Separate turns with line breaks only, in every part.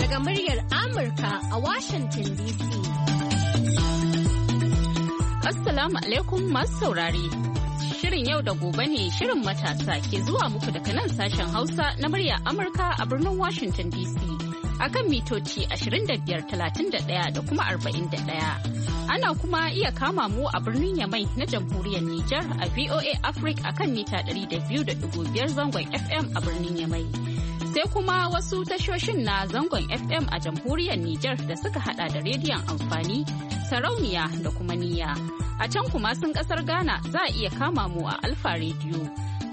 Daga muryar Amurka a Washington DC. Assalamu alaikum masu saurari Shirin yau da gobe ne shirin matasa ke zuwa muku daga nan sashen Hausa na muryar Amurka a birnin Washington DC. Akan mitoci 25,31 da kuma 41. Ana kuma iya kama mu a birnin Yamai na jamhuriyar Nijar a VOA Africa akan mita 200.5 zangon FM a birnin Yamai. sai kuma wasu tashoshin na zangon FM a jamhuriyar Nijar da suka hada da rediyon amfani, sarauniya da kuma niyya. A can kuma sun kasar Ghana za a iya kama mu a Alfa Radio.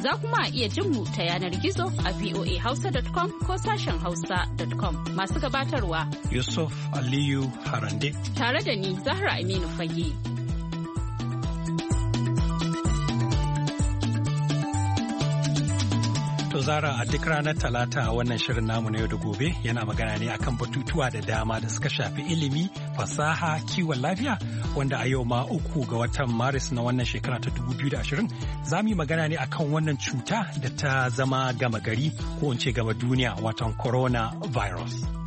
Za kuma a iya jin mu ta yanar gizo a voahausa.com ko sashen hausa.com masu gabatarwa.
Yusuf Aliyu Harande.
Tare da ni Zahra Aminu Fage.
Zara a duk ranar Talata wannan shirin namu na yau da gobe yana magana ne akan batutuwa da dama da suka shafi ilimi, fasaha, kiwon lafiya wanda a yau ma uku ga watan Maris na wannan shekara ta 2020 za mu yi magana ne akan wannan cuta da ta zama gama gari ko in ce gama duniya watan coronavirus. virus.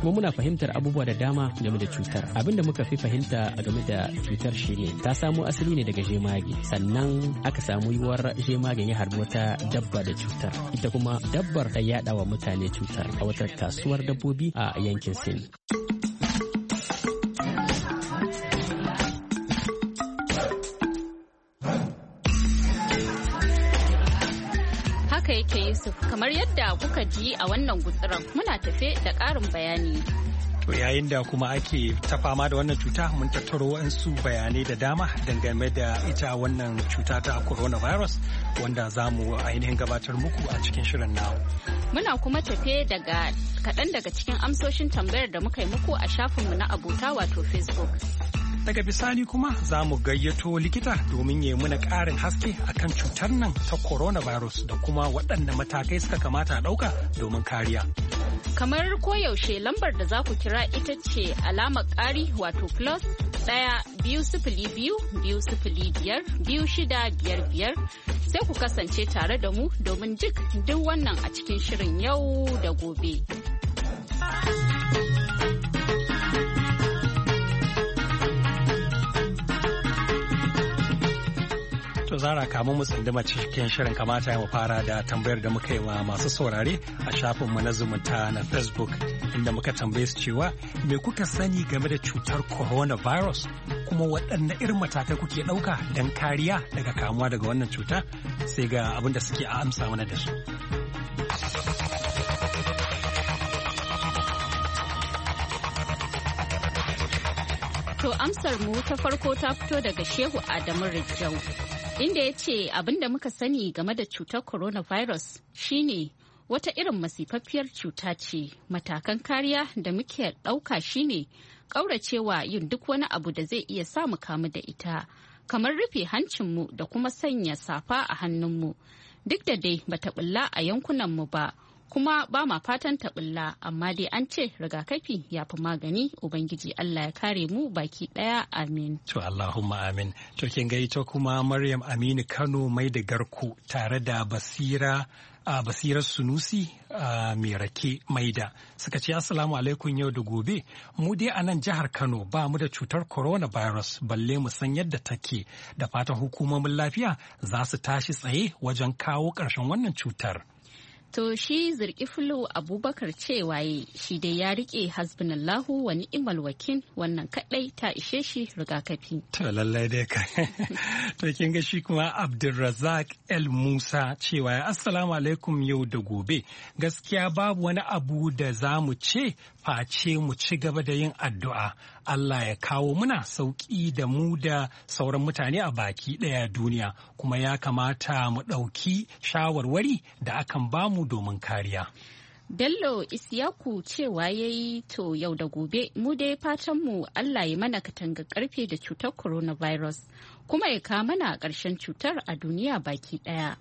kuma muna fahimtar abubuwa da dama game da cutar abin da muka fi fahimta a game da cutar shine ta samo asali ne daga jemage sannan aka samu yiwuwar jemage ya harbi wata dabba da cutar ita kuma dabbar ta yada wa mutane cutar a wata kasuwar dabbobi a yankin sin
Haka yake Yusuf, kamar yadda kuka ji a wannan gutsiran muna tafe da ƙarin bayani.
To yayin da kuma ake ta fama da wannan cuta mun tattaro waɗansu bayanai da dama dangane da ita wannan cuta ta coronavirus wanda za mu ainihin gabatar muku a cikin shirin nawa.
Muna kuma tafe daga kaɗan daga cikin amsoshin tambayar da muka yi muku a shafinmu na abota
wato Facebook. Daga bisani kuma za mu gayyato likita domin ya muna ƙarin haske kan cutar nan ta coronavirus da kuma waɗanda matakai suka kamata a ɗauka domin kariya.
Kamar koyaushe lambar da za ku kira ita ce alama ƙari wato plus ɗaya biyu sifili biyu biyu sifili biyar biyu shida biyar biyar sai ku kasance tare da mu domin duk duk wannan a cikin shirin yau da gobe.
To zara kamun mu tsanduma cikin shirin kamata ya mu fara da tambayar da muka yi wa masu saurare a shafin mu na zumunta na Facebook inda muka tambaye su cewa me kuka sani game da cutar coronavirus kuma waɗanne irin matakai kuke ɗauka don kariya daga kamuwa daga wannan cuta sai ga abin da suke a amsa mana da su.
To amsar mu ta farko ta fito daga Shehu Adamu Rijjau. inda ya ce abin da muka sani game da cutar coronavirus shine wata irin masifaffiyar cuta ce matakan kariya da muke ɗauka shine ƙauracewa yin duk wani abu da zai iya sa mu kamu da ita kamar rufe hancinmu da kuma sanya safa a hannunmu duk da dai bata bulla a yankunanmu ba kuma ba ma fatan taɓilla amma dai an ce rigakafi ya fi magani ubangiji Allah ya kare mu baki ɗaya amin.
To Allahumma amin. To kin ita kuma Maryam Aminu Kano mai da garku tare da basira a basirar sunusi a mai maida suka ce assalamu alaikum yau da gobe mu dai a nan jihar kano ba mu da cutar coronavirus balle mu san yadda take da fatan hukumomin lafiya za su tashi tsaye wajen kawo ƙarshen wannan cutar.
To shi zirki fulo abubakar cewa shi dai ya rike hasbinallahu wani imal wakil wannan kadai ta ishe shi rigakafi.
To lallai dai ka. To kin ga shi kuma Abdulrazak El Musa cewa assalamu alaikum yau da gobe. Gaskiya babu wani abu da za mu ce face mu ci gaba da yin addu'a. Allah ya kawo muna sauƙi da mu da sauran mutane a baki ɗaya duniya kuma ya kamata mu ɗauki shawarwari da akan bamu domin kariya.
Bello Isiyaku cewa ya yi to yau da gobe mu dai fatan mu Allah ya mana katanga karfe da cutar coronavirus kuma ya kama mana ƙarshen cutar a duniya baki ɗaya.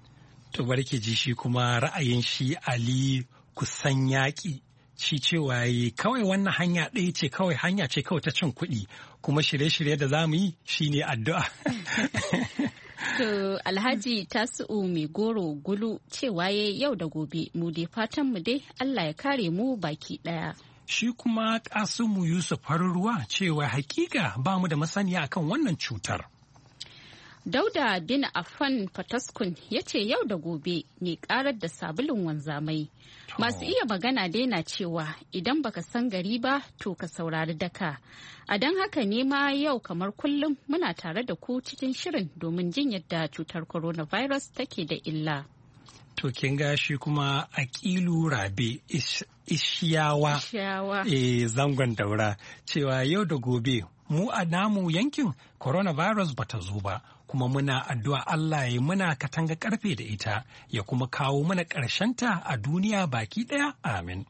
To barke ji shi kuma ra'ayin shi Ali kusan yaƙi shi cewa yi kawai wannan hanya ɗaya ce kawai hanya ce kawai ta cin kuɗi kuma shirye-shirye da za yi shine addu'a.
To Alhaji Tasu'u mai goro gulu cewa ya yau da gobe mu dai fatan mu dai Allah ya kare mu baki ɗaya.
Shi kuma Kasimu Yusuf farin ruwa cewa hakika ba mu da masaniya akan wannan cutar.
Dauda bin afan Fataskun ya ce yau da gobe ne karar da sabulun wanzamai. Masu iya magana dai na cewa idan baka san gari ba to ka saurari daka. A don haka ne ma yau kamar kullum muna tare da ku cikin shirin domin jin yadda cutar coronavirus take da illa.
To kin gashi kuma a kilu Rabe Ishiyawa e, zangon daura cewa yau da gobe mu a namu yankin coronavirus bata zo ba kuma muna addu'a Allah ya muna katanga karfe da ita ya kuma kawo mana ta a duniya baki ɗaya amin.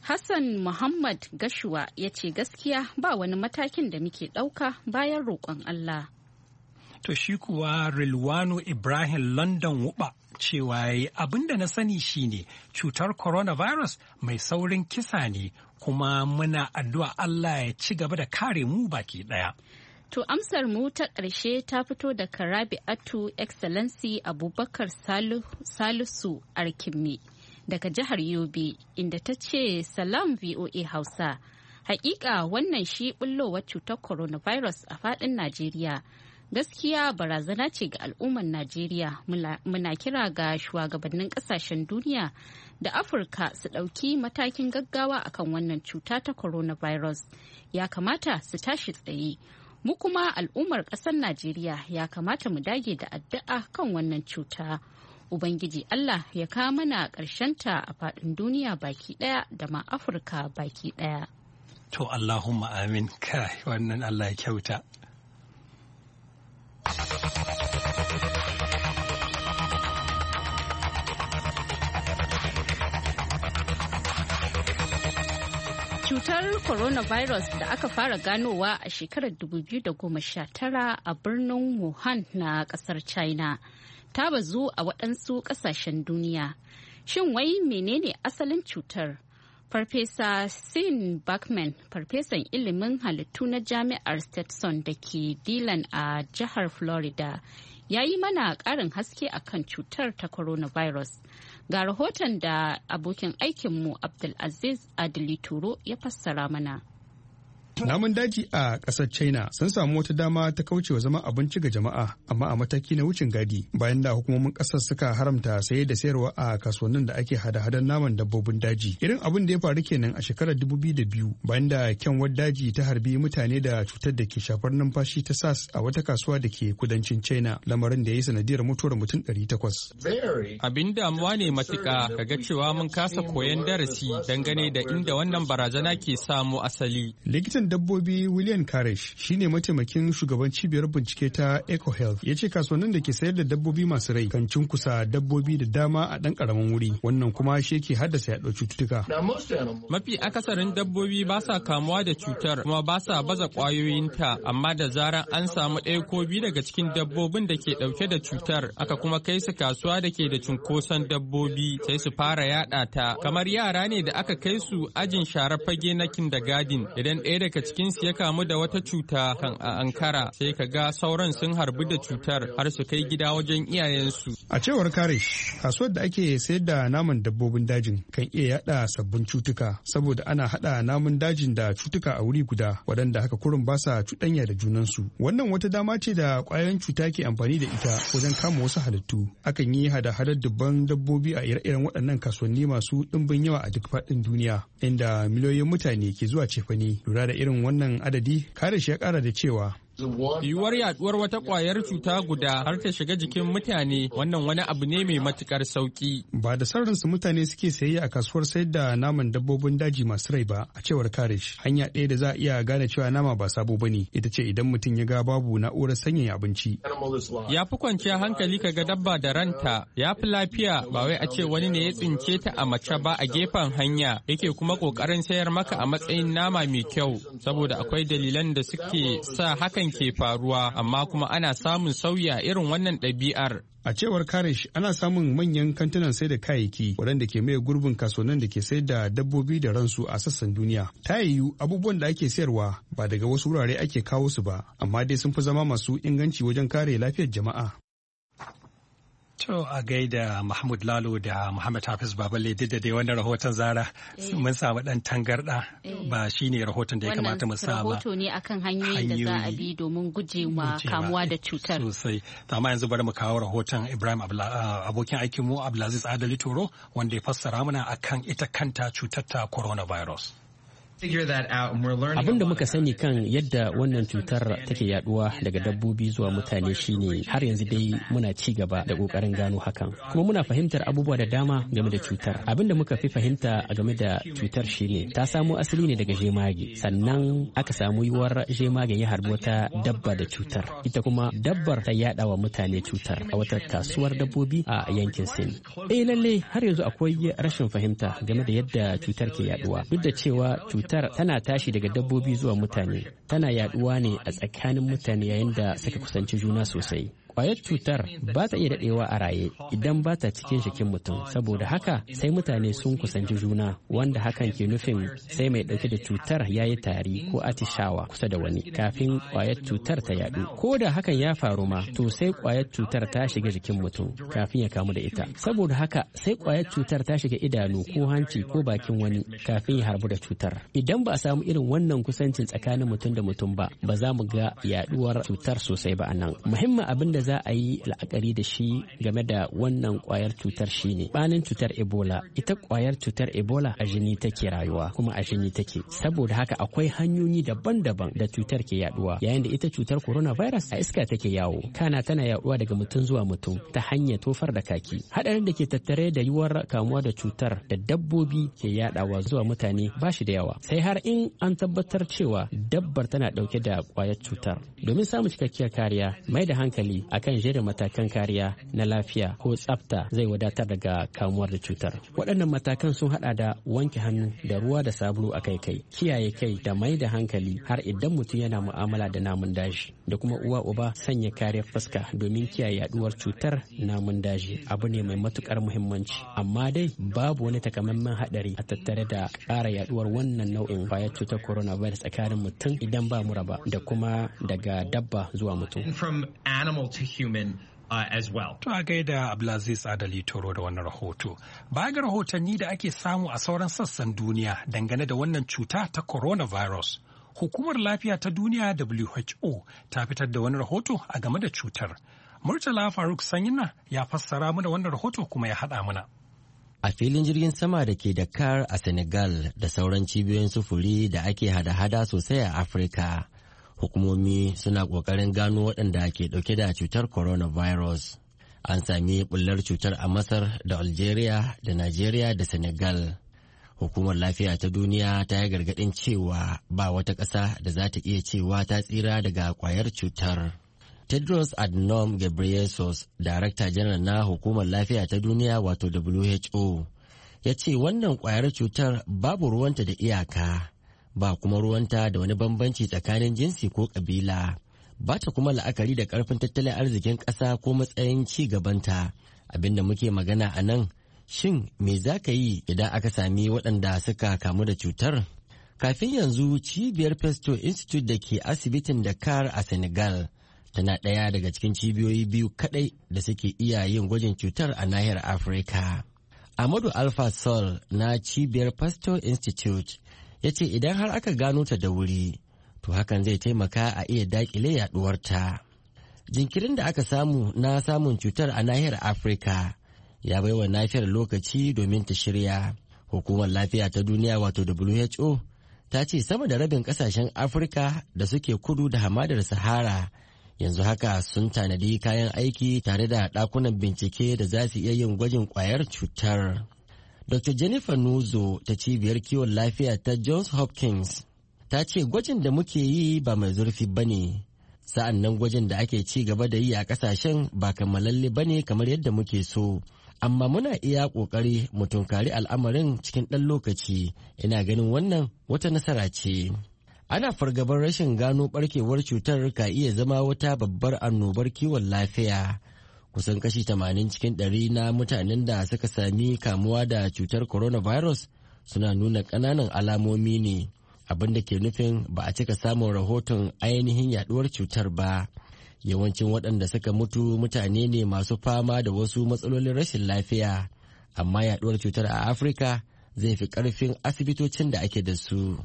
Hassan Muhammad Gashua ya ce gaskiya ba wani matakin da muke ɗauka bayan roƙon Allah.
To shi kuwa Rilwano Ibrahim London Wuba cewa yayi abinda na sani shine cutar coronavirus mai saurin kisa ne kuma muna addu'a Allah ya ci gaba da kare mu baki ɗaya.
To amsar mu ta ƙarshe ta fito daga Rabi'atu Excellency Abubakar Salisu arkimi daga jihar Yobe inda ta ce Salam VOA Hausa. Hakika wannan shi bullowar cutar coronavirus a faɗin Najeriya. gaskiya barazana ce ga al'ummar najeriya muna kira ga shugabannin ƙasashen duniya da afirka su ɗauki matakin gaggawa akan wannan cuta ta coronavirus ya kamata su tashi tsaye Mu kuma al'ummar ƙasar Najeriya ya kamata mu dage da addu'a kan wannan cuta. Ubangiji Allah ya ka mana ƙarshenta a faɗin duniya baki ɗaya da ma Afirka baki ɗaya.
To Allahumma amin kai wannan Allah ya kyauta.
Cutar coronavirus da aka fara ganowa a shekarar 2019 a birnin Wuhan na kasar China ta bazu a waɗansu ƙasashen duniya. Shin wai menene asalin cutar? Farfesa Sin Bachman, farfesan ilimin halittu na jami'ar Stetson da ke Dillon a jihar Florida, ya yi mana ƙarin haske akan cutar ta coronavirus. Ga rahoton da abokin aikinmu Abdulaziz Adili Turo ya fassara mana.
Namun daji a ƙasar China sun samu wata dama ta kaucewa zama abinci ga jama'a amma a mataki na wucin gadi bayan da hukumomin kasar suka haramta saye da sayarwa a kasuwannin da ake hada-hadan naman dabbobin daji. Irin abin da ya faru kenan a shekarar dubu biyu bayan da kyanwar daji ta harbi mutane da cutar da ke shafar numfashi ta sas a wata kasuwa da ke kudancin China lamarin da ya yi sanadiyar mutuwar mutum ɗari takwas.
Abin damuwa ne matuƙa kaga cewa mun kasa koyon darasi dangane da inda wannan barazana ke samu asali.
Likitan likitan dabbobi William Karish shine mataimakin shugaban cibiyar bincike ta EcoHealth ya ce kasuwannin da ke sayar da dabbobi masu rai kan cunkusa dabbobi da dama a dan karamin wuri wannan kuma shi yake haddasa yaɗo cututtuka.
Mafi akasarin dabbobi ba sa kamuwa da cutar kuma ba sa baza ƙwayoyinta amma da zarar an samu ɗaya ko biyu daga cikin dabbobin da ke ɗauke da cutar aka kuma kai su kasuwa da ke da cunkoson dabbobi sai su fara yaɗa ta kamar yara ne da aka kai su ajin sharar fage na kindergarten idan ɗaya daga daga cikinsu ya kamu da wata cuta kan a Ankara sai ka ga sauran sun harbi da cutar har su kai gida wajen iyayensu.
A cewar kare, kasuwar da ake sayar da naman dabbobin dajin kan iya yada sabbin cutuka saboda ana hada namun dajin da cutuka a wuri guda waɗanda haka kurin ba sa cuɗanya da junansu. Wannan wata dama ce da ƙwayoyin cuta ke amfani da ita wajen kama wasu halittu. Akan yi hada-hadar dubban dabbobi a ire-iren waɗannan kasuwanni masu ɗimbin yawa a duk faɗin duniya inda miliyoyin mutane ke zuwa cefane lura da irin wannan adadi kare shi ya kara da cewa
Yiwuwar yaduwar wata kwayar cuta guda har ta shiga jikin mutane wannan wani abu ne mai matukar sauki.
Ba da su mutane suke sayi a kasuwar sayar da naman dabbobin daji masu rai ba a cewar Karish. Hanya ɗaya da za a iya gane cewa nama ba sabo bane ita ce idan mutum ya ga babu na'urar sanyaya abinci.
Ya fi kwanciya hankali kaga dabba da ranta ya fi lafiya ba wai a ce wani ne ya tsince ta a mace ba a gefen hanya yake kuma kokarin sayar maka a matsayin nama mai kyau saboda akwai dalilan da suke sa hakan hakan ke faruwa amma kuma ana samun sauyi a irin wannan ɗabi'ar.
A cewar Karish ana samun manyan kantunan sai da kayayyaki waɗanda ke maye gurbin kasuwannin da ke sayar da dabbobi da ransu a sassan duniya. Ta yiwu abubuwan da ake sayarwa ba daga wasu wurare ake kawo su ba amma dai sun fi zama masu inganci wajen kare lafiyar jama'a.
To a gaida Mahmud Lalo da Muhammad Hafiz Baballe duk da dai wannan rahoton zara eh. mun samu dan tangarda eh. ba shine rahoton da ya kamata mu sa ba.
Rahoto ne akan hanyoyin da za a bi domin gujewa kamuwa
da cutar. Sosai. Amma yanzu bari mu kawo rahoton Ibrahim uh, abokin aikin mu Abdulaziz Adali Toro wanda ya fassara mana akan ita kanta cutar ta coronavirus. Abin
da muka sani kan yadda wannan cutar take yaduwa daga dabbobi zuwa mutane shine har yanzu dai muna ci gaba da kokarin gano hakan. Kuma muna fahimtar abubuwa da dama game da cutar. Abin da muka fi fahimta game da cutar shine ta samo asali ne daga jemage. Sannan aka samu yiwuwar jemage ya harbi wata dabba da cutar. Ita kuma dabbar ta yada wa mutane cutar a wata kasuwar dabbobi a yankin Sin. Eh lalle har yanzu akwai rashin fahimta game da yadda cutar ke yaduwa. Duk da cewa cutar cutar tana tashi daga dabbobi zuwa mutane tana yaduwa ne a tsakanin mutane yayin da suka kusanci juna sosai Kwayar cutar ba ta iya daɗewa a raye idan ba ta cikin jikin mutum, saboda haka sai mutane sun kusanci juna wanda hakan ke nufin sai mai ɗauke da cutar ya yi tari ko atishawa kusa da wani kafin kwayar cutar ta yaɗu. Ko da hakan ya faru ma, to sai kwayar cutar ta shiga jikin mutum kafin ya kamu da ita. Saboda haka sai kwayar cutar ta shiga idanu ko hanci ko bakin wani kafin ya harbu da cutar. Idan ba a samu irin wannan kusancin tsakanin mutum da mutum ba, ba za mu ga yaɗuwar cutar sosai ba a nan. Muhimmin abin da za a yi la'akari da shi game da wannan kwayar cutar shine banin cutar ebola ita kwayar cutar ebola a jini take rayuwa kuma a jini take saboda haka akwai hanyoyi daban-daban da cutar ke yaduwa yayin da ita cutar corona virus. a iska take yawo kana tana yaduwa daga mutum zuwa mutum ta hanyar tofar da kaki hadarin da ke tattare da yiwuwar kamuwa da cutar da dabbobi ke yadawa zuwa mutane ba shi da yawa sai har in an tabbatar cewa dabbar tana dauke da kwayar cutar domin samun cikakkiyar kariya mai da hankali akan jerin matakan kariya na lafiya ko tsafta zai wadatar daga kamuwar da cutar waɗannan matakan sun haɗa da wanke hannu da ruwa da sabulu a kai kai kiyaye kai da mai da hankali har idan mutum yana mu'amala da namun daji da kuma uwa uba sanya kariyar fuska domin kiyaye yaduwar cutar namun daji abu ne mai matukar muhimmanci amma dai babu wani takamaiman haɗari a tattare da ƙara yaduwar wannan nau'in bayan cutar corona coronavirus tsakanin mutum idan ba mura ba da kuma daga dabba zuwa mutum
to human Uh, as well. To a gaida Abdulaziz Adali Toro da wannan rahoto. Baya ga rahotanni da ake samu a sauran sassan duniya dangane da wannan cuta ta coronavirus, Hukumar Lafiya ta Duniya WHO ta fitar da wani rahoto a game da cutar. Murtala Faruk Sanyina ya fassara mana wannan rahoto kuma ya haɗa mana. a filin jirgin sama da ke Dakar
a Senegal da sauran cibiyoyin sufuri da ake hada-hada sosai a Afirka. hukumomi suna ƙoƙarin gano waɗanda ke ɗauke da cutar coronavirus. An sami bullar cutar a Masar da Algeria da Najeriya da Senegal. Hukumar lafiya ta duniya ta yi gargaɗin cewa ba wata ƙasa da za ta iya cewa ta tsira daga ƙwayar cutar. Tedros Adhanom Ghebreyesus, Darakta Janar na Hukumar Lafiya ta Duniya wato WHO, ya ce wannan ƙwayar cutar babu ruwanta da iyaka. ba kuma ruwanta da wani bambanci tsakanin jinsi ko kabila ba ta kuma la'akari da ƙarfin tattalin arzikin ƙasa ko matsayin ci gabanta abinda muke magana a nan shin me za ka yi idan aka sami waɗanda suka kamu da cutar kafin yanzu cibiyar pesto institute da ke asibitin da kar a senegal tana ɗaya daga cikin cibiyoyi biyu kaɗai da suke iya yin gwajin cutar a nahiyar afirka amadu alfa sol na cibiyar Fasto institute ya ce idan har aka gano ta da wuri to hakan zai taimaka a iya dakile yaduwarta jinkirin da aka samu na samun cutar a nahiyar afirka ya baiwa nafiyar lokaci domin ta shirya hukumar lafiya ta duniya wato who ta ce sama da rabin kasashen afirka da suke kudu da hamadar sahara yanzu haka sun tanadi kayan aiki tare da ɗakunan bincike da za su iya yin gwajin kwayar cutar Dr. Jennifer Nuzo ta cibiyar kiwon lafiya ta Johns Hopkins ta ce gwajin da muke yi ba mai zurfi ba ne, sa'an nan gwajin da ake ci gaba da yi a kasashen ba kamalalle ba ne kamar yadda muke so. Amma muna iya ƙoƙari mu tunkari al'amarin cikin ɗan lokaci, ina ganin wannan wata nasara ce. Ana fargabar rashin gano ɓarkewar cutar ka iya zama wata babbar annobar kiwon lafiya. kusan kashi 80 cikin ɗari na mutanen da suka sami kamuwa da cutar coronavirus suna nuna ƙananan alamomi ne abin da ke nufin ba a cika samun rahoton ainihin yaduwar cutar ba yawancin waɗanda suka mutu mutane ne masu fama da wasu matsalolin rashin lafiya amma yaduwar cutar a afirka zai fi ƙarfin asibitocin da ake da su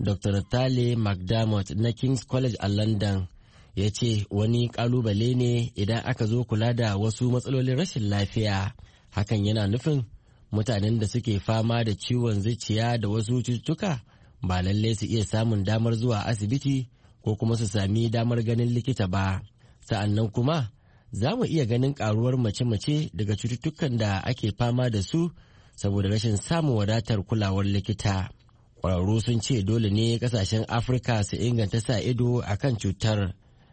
dr tale mcdermott na king's college a london ya ce wani kalubale ne idan aka zo kula da wasu matsalolin rashin lafiya hakan yana nufin mutanen da suke fama da ciwon zuciya da wasu cututtuka ba lalle su iya samun damar zuwa asibiti ko kuma su sami damar ganin likita ba sa'annan kuma za mu iya ganin karuwar mace-mace daga cututtukan da ake fama da su saboda rashin samun wadatar kulawar likita Ƙwararru sun ce dole ne ƙasashen afirka su inganta sa ido akan cutar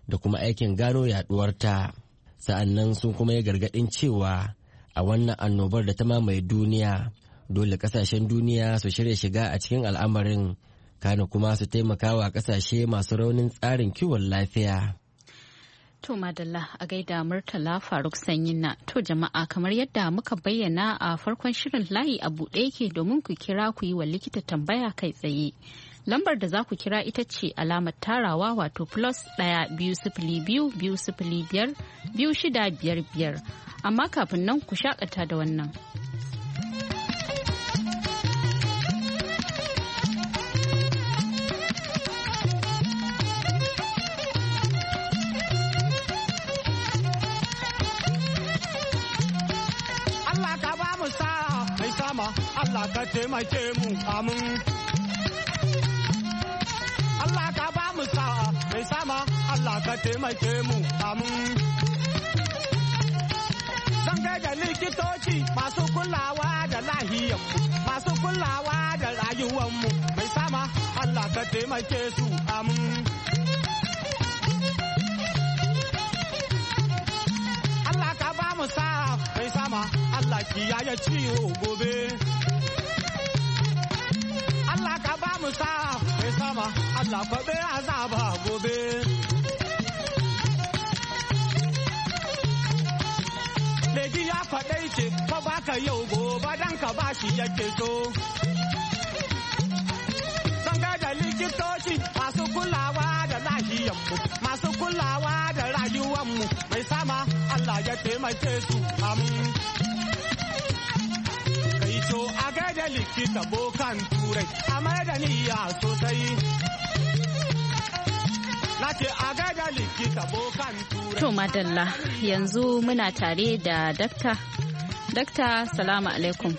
da kuma aikin gano yaduwarta sa'annan sun kuma yi gargaɗin cewa a wannan annobar da ta mamaye duniya dole kasashen duniya su shirya shiga a cikin al'amarin kano kuma su taimaka wa kasashe masu raunin tsarin kiwon lafiya.
To Madalla a gaida Murtala Faruk na to jama'a kamar yadda muka bayyana a farkon shirin layi a buɗe yake domin ku kira ku yi wa likita tambaya kai tsaye. Lambar da za ku kira ita ce alamar tarawa wato plus ɗaya biyu sifili biyu biyu sifili biyar biyu shida biyar biyar. Amma kafin nan ku shakata da wannan.
Allah ka ba mai Allah ka taimake mu amin. mu sa'a mai sama Allah ka taimake mu amin. Zan gaida likitoci masu kulawa da lahiyar masu kulawa da rayuwanmu mai sama Allah ka taimake su amin. Allah ka ba mu sa'a mai sama Allah kiyaye ciwo gobe. mu sa mai sama Allah kwabe azaba gobe. Leji ya kwaɗai ce fa baka yau gobe dan ka bashi yake so. Sanga da likitoci masu kulawa da lahiyanmu masu kulawa da rayuwanmu mai sama Allah ya taimake su amin. to a gaida likita bokan turai a mai da niyya sosai
To Madalla yanzu muna tare da dakta. Dakta salamu alaikum.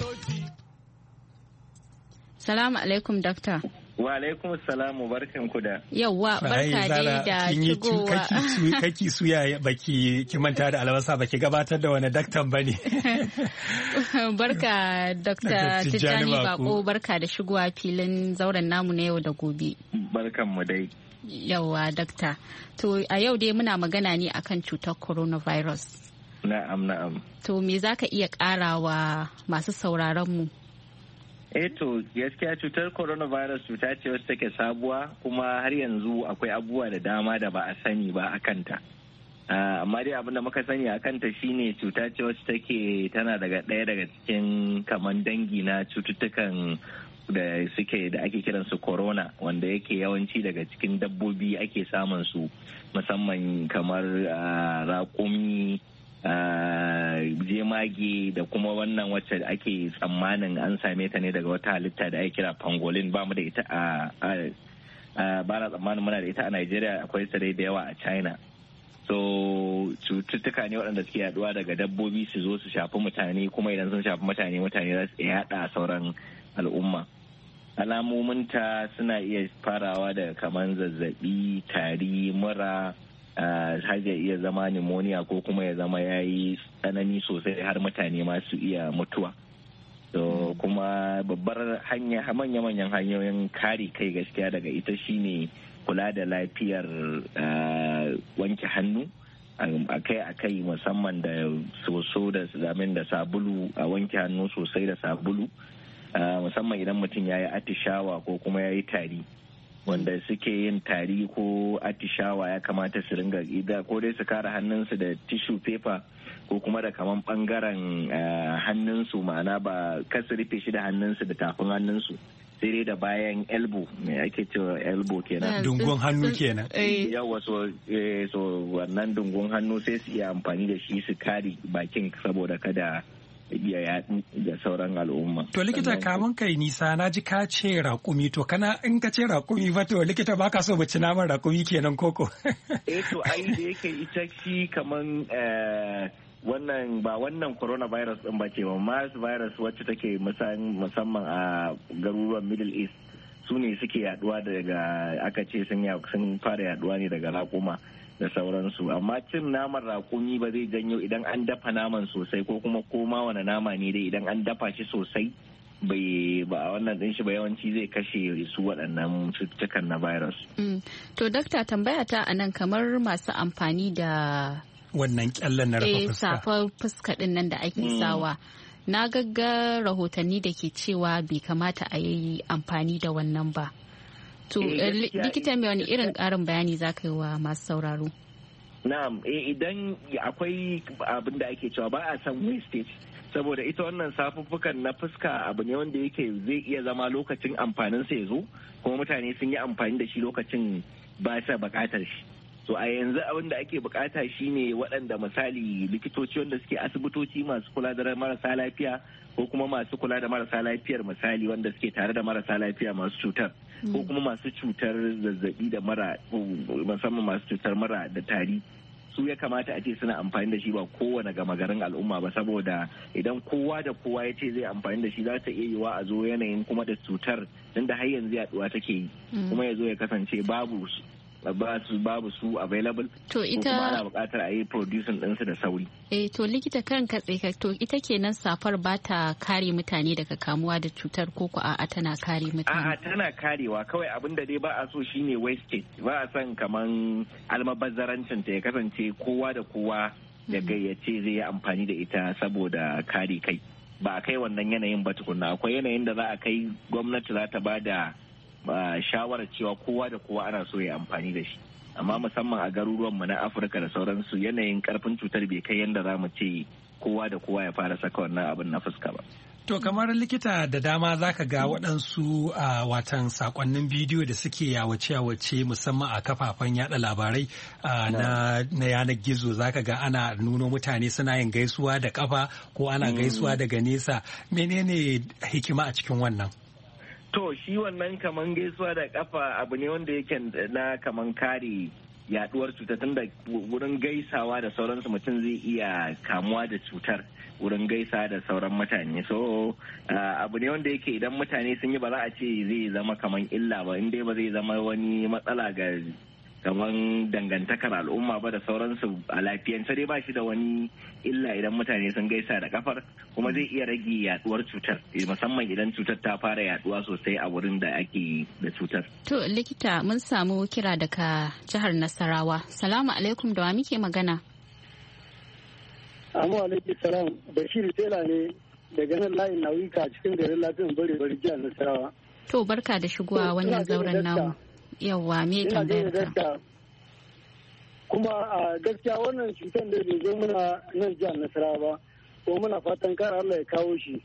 Salamu alaikum dakta.
Wa alaikum salamu barkan ku da. Yawwa barka
dai da shigowa.
Kaki suya baki ki manta da albasa baki gabatar da wani daktan bane.
barka Dr. Tijjani Bako barka da shigowa filin zauren namu na yau da gobe.
Barkan mu dai.
Yawwa dakta. To a yau dai muna magana ne akan cutar coronavirus.
Na'am na'am.
To me za ka iya karawa masu sauraron mu
Eh to gaskiya cutar coronavirus cuta ce wacce take sabuwa kuma har yanzu akwai abubuwa da dama da ba a sani ba a kanta. Ah, amma dai abin da muka sani a kanta shine cuta ce wacce take tana daga ɗaya daga cikin kaman dangi na cututtukan da suke da ake kiransu corona wanda yake yawanci daga cikin dabbobi ake samun su musamman kamar ah, raƙumi Ah, jemage da kuma wannan wacce ake tsammanin an same ta ne daga wata halitta da ake kira pangolin ba mu da ita a ba na tsammanin muna da ita a Najeriya akwai ta da yawa a China so cututtuka ne waɗanda suke yaduwa daga dabbobi su zo su shafi mutane kuma idan sun shafi mutane mutane za su iya yaɗa sauran al'umma alamominta suna iya farawa da kamar zazzabi tari mura har ya iya zama pneumonia ko kuma ya zama ya yi tsanani sosai har mutane masu iya mutuwa to kuma babbar hanya manya-manyan hanyoyin kare kai gaskiya daga ita shine kula da lafiyar wanke hannu a kai musamman da soso da zamin da sabulu a wanke hannu sosai da sabulu musamman idan mutum ya yi atishawa ko kuma ya yi tari wanda suke yin tari ko atishawa ya kamata su ringa ida ko dai su kare hannunsu da tishu paper ko kuma da kaman bangaren eh, hannunsu ma'ana ba kasu rufe shi da hannunsu da tafin hannunsu sai dai da bayan elbow me ake cewa elbow kenan eh, dungun hannu kenan eh. yawa wasu wannan dungun hannu sai su iya amfani da shi su kare bakin saboda kada iya yaɗi ga sauran al'umma. To likita
kamun kai nisa na ji ka ce raƙumi to kana in ka ce raƙumi ba to likita ba ka so mu ci naman raƙumi kenan koko.
eh to ai da yake ita shi kaman eh, wannan ba wannan corona virus din ba ce ba mars virus wacce take musamman a garuruwan middle east su ne suke yaduwa daga aka ce sun fara yaduwa ne daga raƙuma. da sauransu amma cin naman rakumi ba zai janyo idan an dafa naman sosai ko kuma koma wani nama ne dai idan an dafa shi sosai bai ba wannan din shi ba yawanci zai kashe su waɗannan cututtukan na virus. Mm.
To dakta tambaya ta nan kamar masu amfani da
wannan kyallen na rafa eh, fuska. safar
fuska din nan da ake mm. sawa. Na gagga rahotanni da ke cewa bai kamata a yi amfani da wannan ba. To eh, eh, likita mai wani irin karin bayani za ka yi wa masu sauraro?
Na'am, eh, idan akwai abin da ake cewa ba a san wastage. saboda ita wannan safuffukan na fuska abu ne wanda yake zai iya zama lokacin amfanin ya zo kuma mutane sun yi amfani da shi lokacin ba sa bukatar shi to a yanzu abin da ake bukata shine waɗanda misali likitoci wanda suke asibitoci masu kula da marasa lafiya ko kuma masu kula da marasa lafiyar misali wanda suke tare da marasa lafiya masu cutar ko hmm. kuma masu cutar zazzabi da mara musamman masu cutar mara da tari su ya kamata a ce suna amfani da shi ba kowane gama garin al'umma ba saboda idan kowa da kowa ya ce zai amfani da shi za ta iya yiwa a zo yanayin kuma da cutar tunda har yanzu yaduwa take yi hmm. kuma ya zo ya kasance babu babu su available to kuma ana bukatar a yi producing ɗinsu da sauri
eh to likita kan katse to ita kenan safar ba ta kare mutane daga kamuwa da cutar ko ko a'a tana kare mutane a'a tana
karewa kawai abin da dai ba a so shine waste ba a son kaman almabazzarancin ta ya kasance kowa da kowa ya hmm. gayyace zai yi amfani da ita saboda kare kai ba a kai wannan yanayin ba tukunna akwai yanayin da za a kai gwamnati za ta ba da shawarar cewa kowa da kowa ana so ya amfani da shi amma musamman a garuruwan mu na afirka da sauransu yanayin karfin cutar bai kai yadda za mu ce kowa da kowa ya fara saka wannan abin na fuska ba
to kamar likita da dama zaka ga waɗansu a watan sakonnin bidiyo da suke yawace yawace musamman a kafafen yada labarai na yanar gizo zaka ga ana nuno mutane suna yin gaisuwa da kafa ko ana mm. gaisuwa daga nesa menene hikima a cikin wannan
To shi wannan kaman gaisuwa da kafa abu ne wanda yake na kaman kare yaduwar cutar tunda wurin gaisawa da sauransu mutum zai iya kamuwa da cutar wurin gaisa da sauran mutane so abu ne wanda yake idan mutane sun yi ba za a ce zai zama kaman illa ba in dai ba zai zama wani matsala ga kamar dangantakar al'umma ba da sauransu a lafiyance dai ba shi da wani illa idan mutane sun gaisa da kafar kuma zai iya rage yaduwar cutar musamman idan cutar ta fara yaduwa sosai a wurin da ake da cutar.
To likita mun samu kira daga jihar Nasarawa. Salamu alaikum da wa muke magana.
Amma alaikum salam Bashir Tela ne daga nan layin nauyuka cikin garin lafiyan bare bare jihar Nasarawa.
To barka da shigowa wannan zauren namu. yawa me tambayar ka?
Kuma a gaskiya wannan cutar da bai zo muna nan jihar nasara ba, ko muna fatan kar Allah ya kawo shi.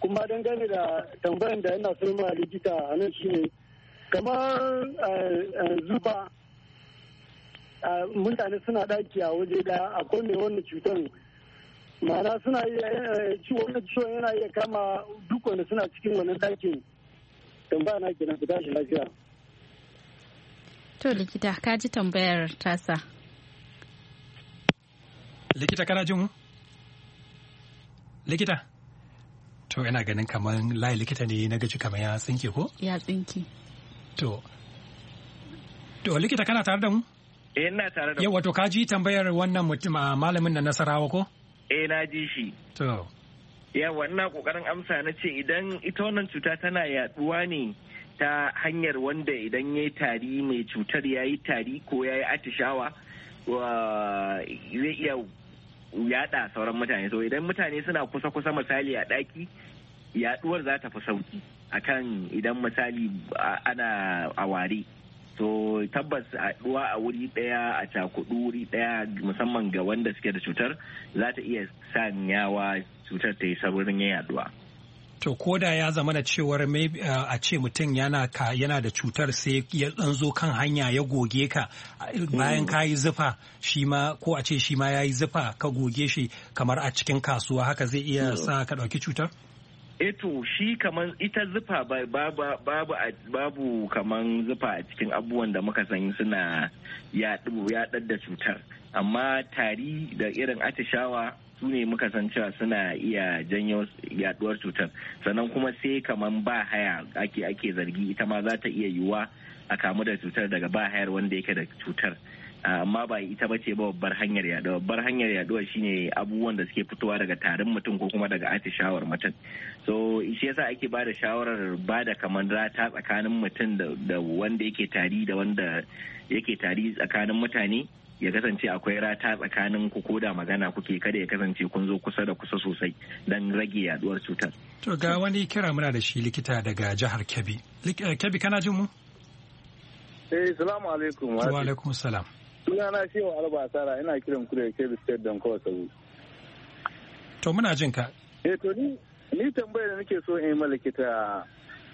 Kuma dangane da tambayar da yana so ma likita a nan shi ne, kamar zuba mutane suna daki a waje da akwai mai wannan cutar ma'ana suna iya eh, eh, ciwon ciwon yana iya kama duk wanda suna cikin wannan dakin
tambaya na kenan su tashi lafiya.
To likita ka ji tambayar tasa.
Likita kana jin mu? Likita? To yana ganin kamar layi likita ne na gaji kamar ya tsinke ko? Ya tsinke. To. To likita kana tare da mu?
Eh ina tare da mu. Yawa
to ka ji tambayar wannan mutum ah, malamin na Nasarawa ko?
Eh na ji shi. To. Yawa ina kokarin amsa na ce idan ita wannan cuta tana yaduwa ne ta hanyar wanda idan ya yi tari mai cutar ya yi tari ko ya yi atishawa zai iya yada sauran mutane so idan mutane suna kusa-kusa misali a ɗaki yaduwar za ta fi sauki akan idan misali ana a ware so tabbas ɗuwa a wuri ɗaya a cakudu wuri ɗaya musamman ga wanda suke da cutar za ta iya sanyawa cutar ta yi saurin yaduwa.
to ko da ya zama da cewar uh, a ce mutum yana da cutar sai ya dan zo kan hanya ya goge ka uh, bayan mm. ka yi zufa shi ma ko a ce shi ma ya yi zufa ka goge shi kamar a cikin kasuwa haka zai iya mm. sa ka ɗauki cutar?
eto eh shi kaman ita zufa babu babu kaman zufa a cikin abubuwan da muka san suna ya da cutar amma tari da irin atishawa su ne muka san cewa suna iya janyo yaduwar cutar sannan kuma sai kamar ba haya ake ake zargi ita ma za ta iya yiwuwa a kamu da cutar daga ba hayar wanda yake da cutar amma ba ita ba ce ba babbar hanyar yaduwa babbar hanyar yaduwa shine abubuwan da suke fitowa daga tarin mutum ko kuma daga atishawar mutum so shi yasa ake ba da shawarar ba da kamar rata tsakanin mutum da wanda yake tari da wanda yake tari tsakanin mutane ya kasance akwai rata tsakanin ku ko da magana kuke kada ya kasance kun zo kusa da kusa sosai don rage yaduwar cutar.
To ga wani kira muna da shi likita daga jihar Kebbi. Eh, Kebbi kana jin mu?
Eh salamu alaikum. Wa
alaikum salam.
Sunana Alba Albasara ina kiran ku da Kebbi State don kawai sabu.
To muna jin ka.
Eh to ni ni tambayar da nake so in yi likita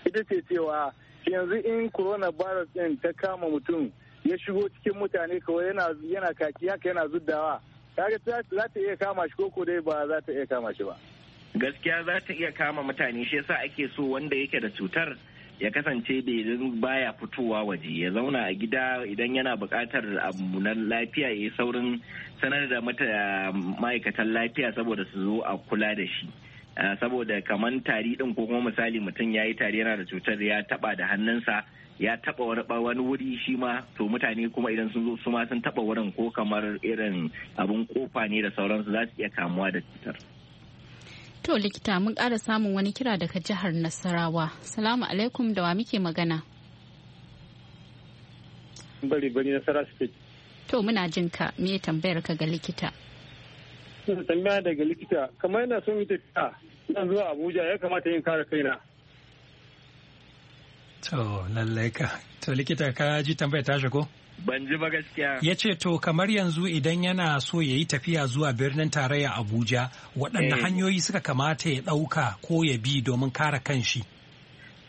ita ce cewa yanzu in coronavirus din ta kama mutum ya shigo cikin mutane kawai yana yana kaki haka yana zuddawa kaga za ta iya kama shi koko dai ba
za ta iya kama shi ba gaskiya za ta iya kama mutane shi yasa ake so wanda yake da cutar ya kasance bai baya fitowa waje ya zauna a gida idan yana buƙatar abu na lafiya ya saurin sanar da mata ma'aikatan lafiya saboda su zo a kula da shi ah, saboda kamar tari din ko kuma misali mutum ya yi tari yana da cutar ya taba da hannunsa ya taba wani wani wuri shi ma to mutane kuma idan sun zo su ma sun taba wurin ko kamar irin abun kofa ne da sauransu za su iya kamuwa da cutar.
To likita mun ƙara samun wani kira daga jihar Nasarawa. Salamu alaikum da wa muke magana.
Bari bari Nasara
State.
To muna jin ka me tambayar ka ga likita.
tambaya daga
likita kamar yana son yi tafiya nan zuwa Abuja ya kamata yin kare kaina.
To lallai ka. To likita ka ji tambaya ta shigo?
Ban ji ba gaskiya. Ya
ce to kamar yanzu idan yana so ya yi tafiya zuwa birnin tarayya Abuja waɗanne eh. hanyoyi suka kamata ya ɗauka ko ya bi domin kare kanshi.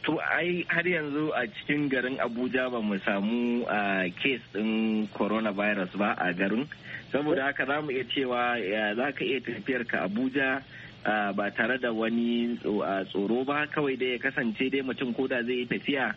To ai har yanzu a cikin garin Abuja ba mu samu a kes ɗin coronavirus ba a garin. Saboda haka za mu iya cewa za ka iya tafiyar ka Abuja ba tare da wani tsoro ba kawai da ya kasance dai mutum ko da zai yi tafiya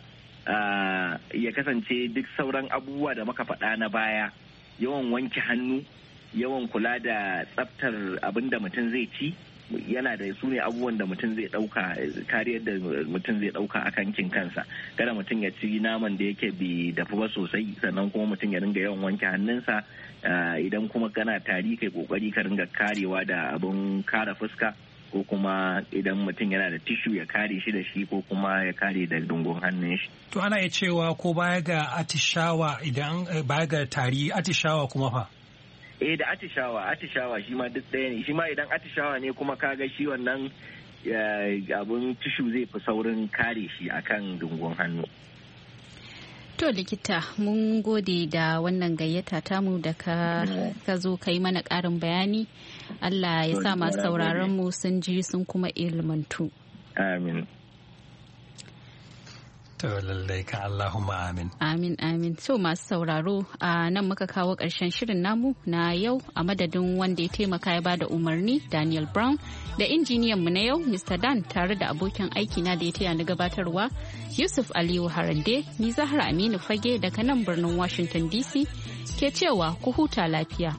ya kasance duk sauran abubuwa da muka faɗa na baya yawan wanke hannu yawan kula da tsaftar abin da mutum zai ci yana da su ne abubuwan da mutum zai dauka kariyar da mutum zai dauka a kankin kansa kada mutum ya ci naman da yake bi dafu ba sosai sannan kuma mutum ya ringa yawan wanke hannunsa ah, idan kuma kana tari kai kokari ka ringa karewa da abin kare fuska ko kuma idan mutum yana da tishu ya kare shi da shi ko kuma ya kare da dungun hannun shi.
To ana iya cewa ko baya ga atishawa idan eh, baya ga tari atishawa kuma fa?
eh da atishawa atishawa shi ma duk ɗaya ne shi ma idan atishawa ne kuma ka ga shi wannan eh, abun tishu zai fi saurin kare shi akan dungun hannu
To likita mun gode da wannan gayyata tamu da ka mm. zo ka yi mana ƙarin bayani. Allah ya sa masu sauraron mu sun ji sun kuma ilmantu.
Amin.
To lallai ka Allahumma amin.
Amin amin. So masu sauraro a nan muka kawo ƙarshen shirin namu na yau a madadin wanda ya taimaka ya bada umarni Daniel Brown da injiniyan mu na yau Mr. Dan tare da abokin aiki na da ya taya na gabatarwa Yusuf Aliyu Harande ni Zahra Aminu Fage daga nan birnin Washington DC ke cewa ku huta lafiya.